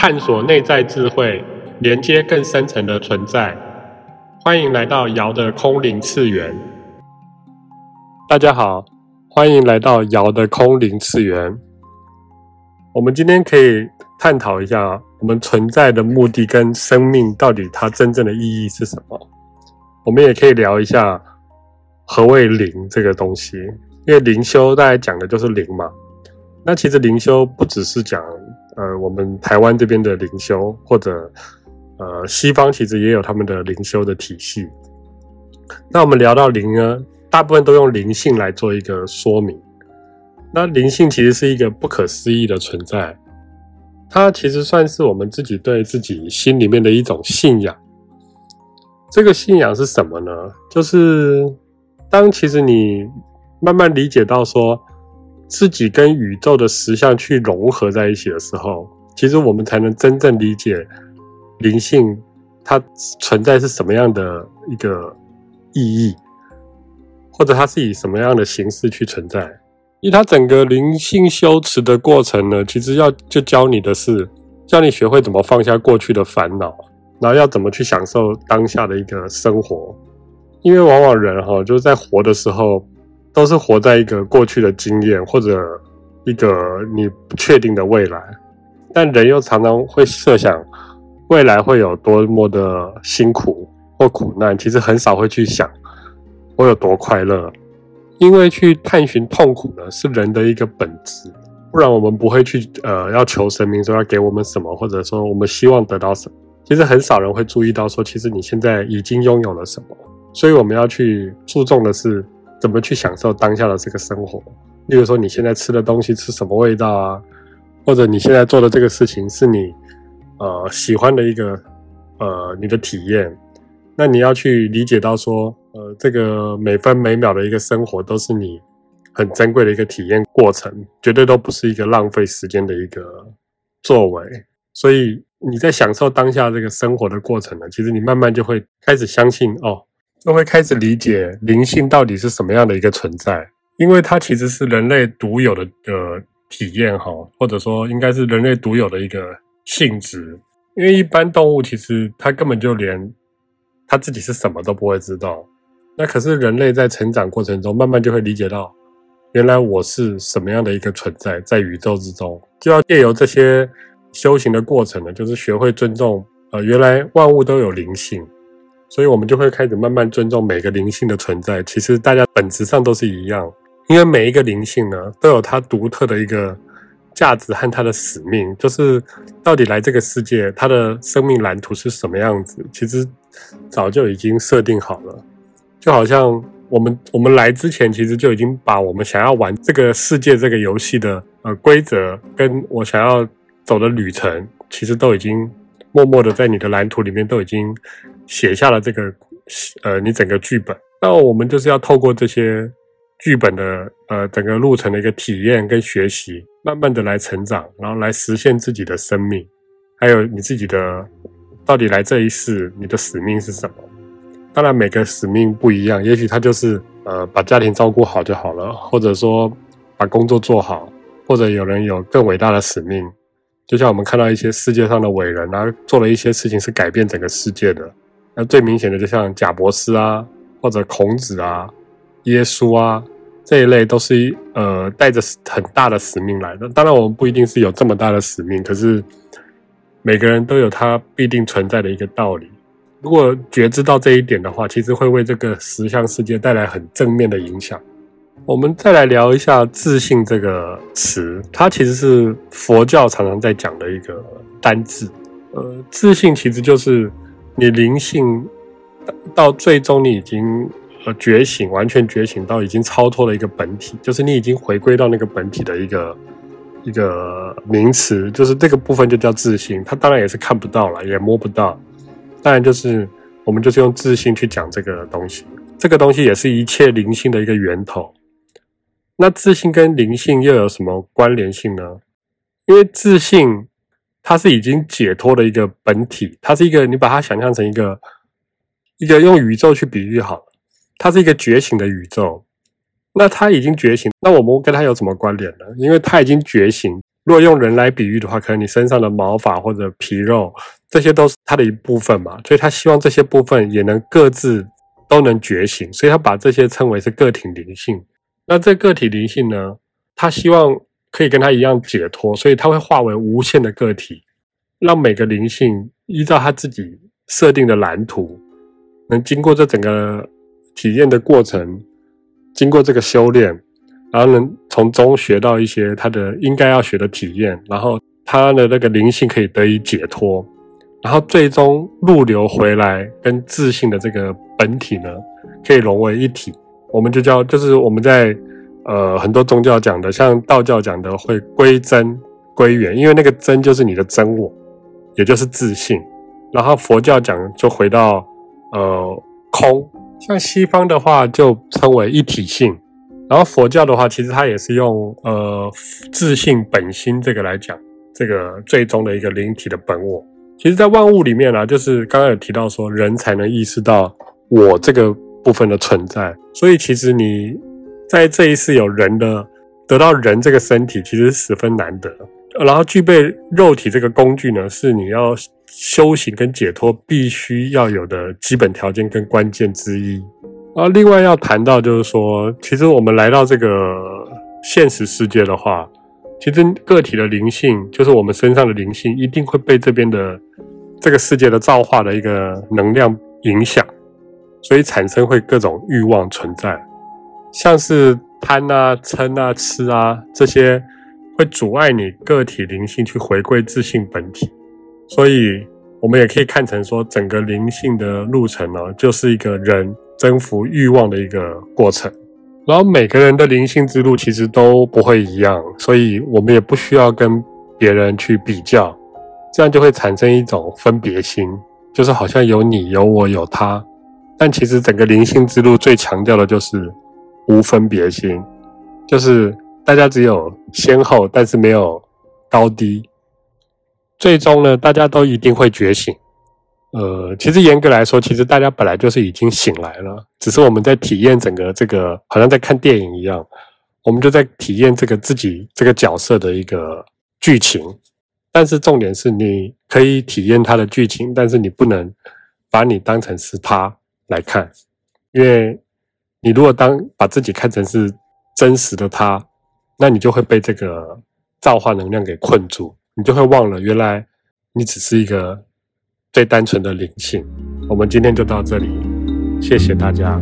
探索內在智慧，連接更深層的存在。歡迎來到瑤的空靈次元。大家好，歡迎來到瑤的空靈次元。我們今天可以探討一下我們存在的目的跟生命到底它真正的意義是什麼？我們也可以聊一下何謂靈這個東西，因為靈修大概講的就是靈嘛。那其實靈修不只是講，呃，我們台灣這邊的靈修，或者，呃，西方其實也有他們的靈修的體系。那我們聊到靈呢，大部分都用靈性來做一個說明。那靈性其實是一個不可思議的存在，它其實算是我們自己對自己心裡面的一種信仰。這個信仰是什麼呢？就是當其實你慢慢理解到說，自己跟宇宙的實相去融合在一起的時候，其實我們才能真正理解靈性它存在是什麼樣的一個意義，或者它是以什麼樣的形式去存在。因為它整個靈性修持的過程呢，其實要就教你的是，教你學會怎麼放下過去的煩惱，然後要怎麼去享受當下的一個生活。因為往往人哈、哦，就是在活的時候。都是活在一個過去的經驗，或者一個你不確定的未來。但人又常常會設想未來會有多麼的辛苦或苦難，其實很少會去想我有多快樂。因為去探尋痛苦呢，是人的一個本質，不然我們不會去呃要求神明說要給我們什麼，或者說我們希望得到什麼。其實很少人會注意到說，其實你現在已經擁有了什麼。所以我們要去注重的是怎麼去享受當下的這個生活？例如說，你現在吃的東西是什麼味道啊？或者你現在做的這個事情是你呃喜歡的一個呃你的體驗，那你要去理解到說，呃，這個每分每秒的一個生活都是你很珍貴的一個體驗過程，絕對都不是一個浪費時間的一個作為。所以你在享受當下這個生活的過程呢，其實你慢慢就會開始相信哦，都會開始理解靈性到底是什麼樣的一個存在，因為它其實是人類獨有的呃體驗哈，或者說應該是人類獨有的一個性質。因為一般動物其實它根本就連它自己是什麼都不會知道，那可是人類在成長過程中慢慢就會理解到，原來我是什麼樣的一個存在，在宇宙之中，就要借由這些修行的過程呢，就是學會尊重呃，原來萬物都有靈性。所以我們就會開始慢慢尊重每個靈性的存在。其實大家本質上都是一樣，因為每一個靈性呢，都有它獨特的一個價值和它的使命，就是到底來這個世界，它的生命藍圖是什麼樣子？其實早就已經設定好了。就好像我們我們來之前，其實就已經把我們想要玩這個世界這個遊戲的呃規則，跟我想要走的旅程，其實都已經。默默的在你的藍圖裡面都已經寫下了這個，呃，你整個劇本。那我們就是要透過這些劇本的，呃，整個路程的一個體驗跟學習，慢慢的來成長，然後來實現自己的生命。還有你自己的，到底來這一世，你的使命是什麼？當然每個使命不一樣，也許他就是呃，把家庭照顧好就好了，或者說把工作做好，或者有人有更偉大的使命。就像我們看到一些世界上的偉人啊，做了一些事情是改變整個世界的。那最明顯的，就像賈伯斯啊，或者孔子啊、耶穌啊這一類，都是呃帶着很大的使命來的。當然，我們不一定是有這麼大的使命，可是每個人都有他必定存在的一個道理。如果覺知到這一點的話，其實會為這個實相世界帶來很正面的影響。我們再來聊一下“自信”這個詞，它其實是佛教常常在講的一個單字。呃，自信其實就是你靈性到最終你已經呃覺醒，完全覺醒到已經超脫了一個本體，就是你已經回歸到那個本體的一個一個名詞，就是這個部分就叫自信。它當然也是看不到了，也摸不到。當然就是我們就是用自信去講這個東西，這個東西也是一切靈性的一個源頭。那自信跟靈性又有什麼關聯性呢？因為自信它是已經解脫的一個本體，它是一個你把它想象成一個一個用宇宙去比喻好了，它是一個覺醒的宇宙。那它已經覺醒，那我們跟它有什麼關聯呢？因為它已經覺醒，如果用人來比喻的話，可能你身上的毛髮或者皮肉這些都是它的一部分嘛，所以它希望這些部分也能各自都能覺醒，所以它把這些稱為是個體靈性。那這個，個體靈性呢，他希望可以跟他一樣解脫，所以他會化為無限的個體，讓每個靈性依照他自己設定的藍圖，能經過這整個體驗的過程，經過這個修煉，然後能從中學到一些他的應該要學的體驗，然後他的那個靈性可以得以解脫，然後最終入流回來，跟自性的這個本體呢，可以融為一體。我們就叫，就是我們在，呃，很多宗教講的，像道教講的會歸真歸元，因為那個真就是你的真我，也就是自性。然後佛教講就回到，呃，空。像西方的話就稱為一體性。然後佛教的話其實它也是用，呃，自性本心這個來講，這個最終的一個靈體的本我。其實，在萬物裡面啊，就是剛剛有提到說，人才能意識到我這個。部分的存在，所以其實你，在這一世有人的得到人這個身體，其實十分難得。然後具備肉體這個工具呢，是你要修行跟解脫必須要有的基本條件跟關鍵之一。啊，另外要談到就是說，其實我們來到這個現實世界的話，其實個體的靈性，就是我們身上的靈性，一定會被這邊的這個世界的造化的一個能量影響。所以產生會各種慾望存在，像是貪啊、嗔啊、癡啊這些，會阻礙你個體靈性去回歸自性本體。所以我們也可以看成說，整個靈性的路程呢、啊，就是一個人征服慾望的一個過程。然後每個人的靈性之路其實都不會一樣，所以我們也不需要跟別人去比較，這樣就會產生一種分別心，就是好像有你、有我、有他。但其實整個靈性之路最強調的就是無分別心，就是大家只有先後，但是沒有高低。最終呢，大家都一定會覺醒。呃，其實嚴格來說，其實大家本來就是已經醒來了，只是我們在體驗整個這個，好像在看電影一樣，我們就在體驗這個自己這個角色的一個劇情。但是重點是，你可以體驗它的劇情，但是你不能把你當成是他。來看，因為你如果當把自己看成是真實的他，那你就會被這個造化能量給困住，你就會忘了原來你只是一個最單純的靈性。我們今天就到這裡，謝謝大家。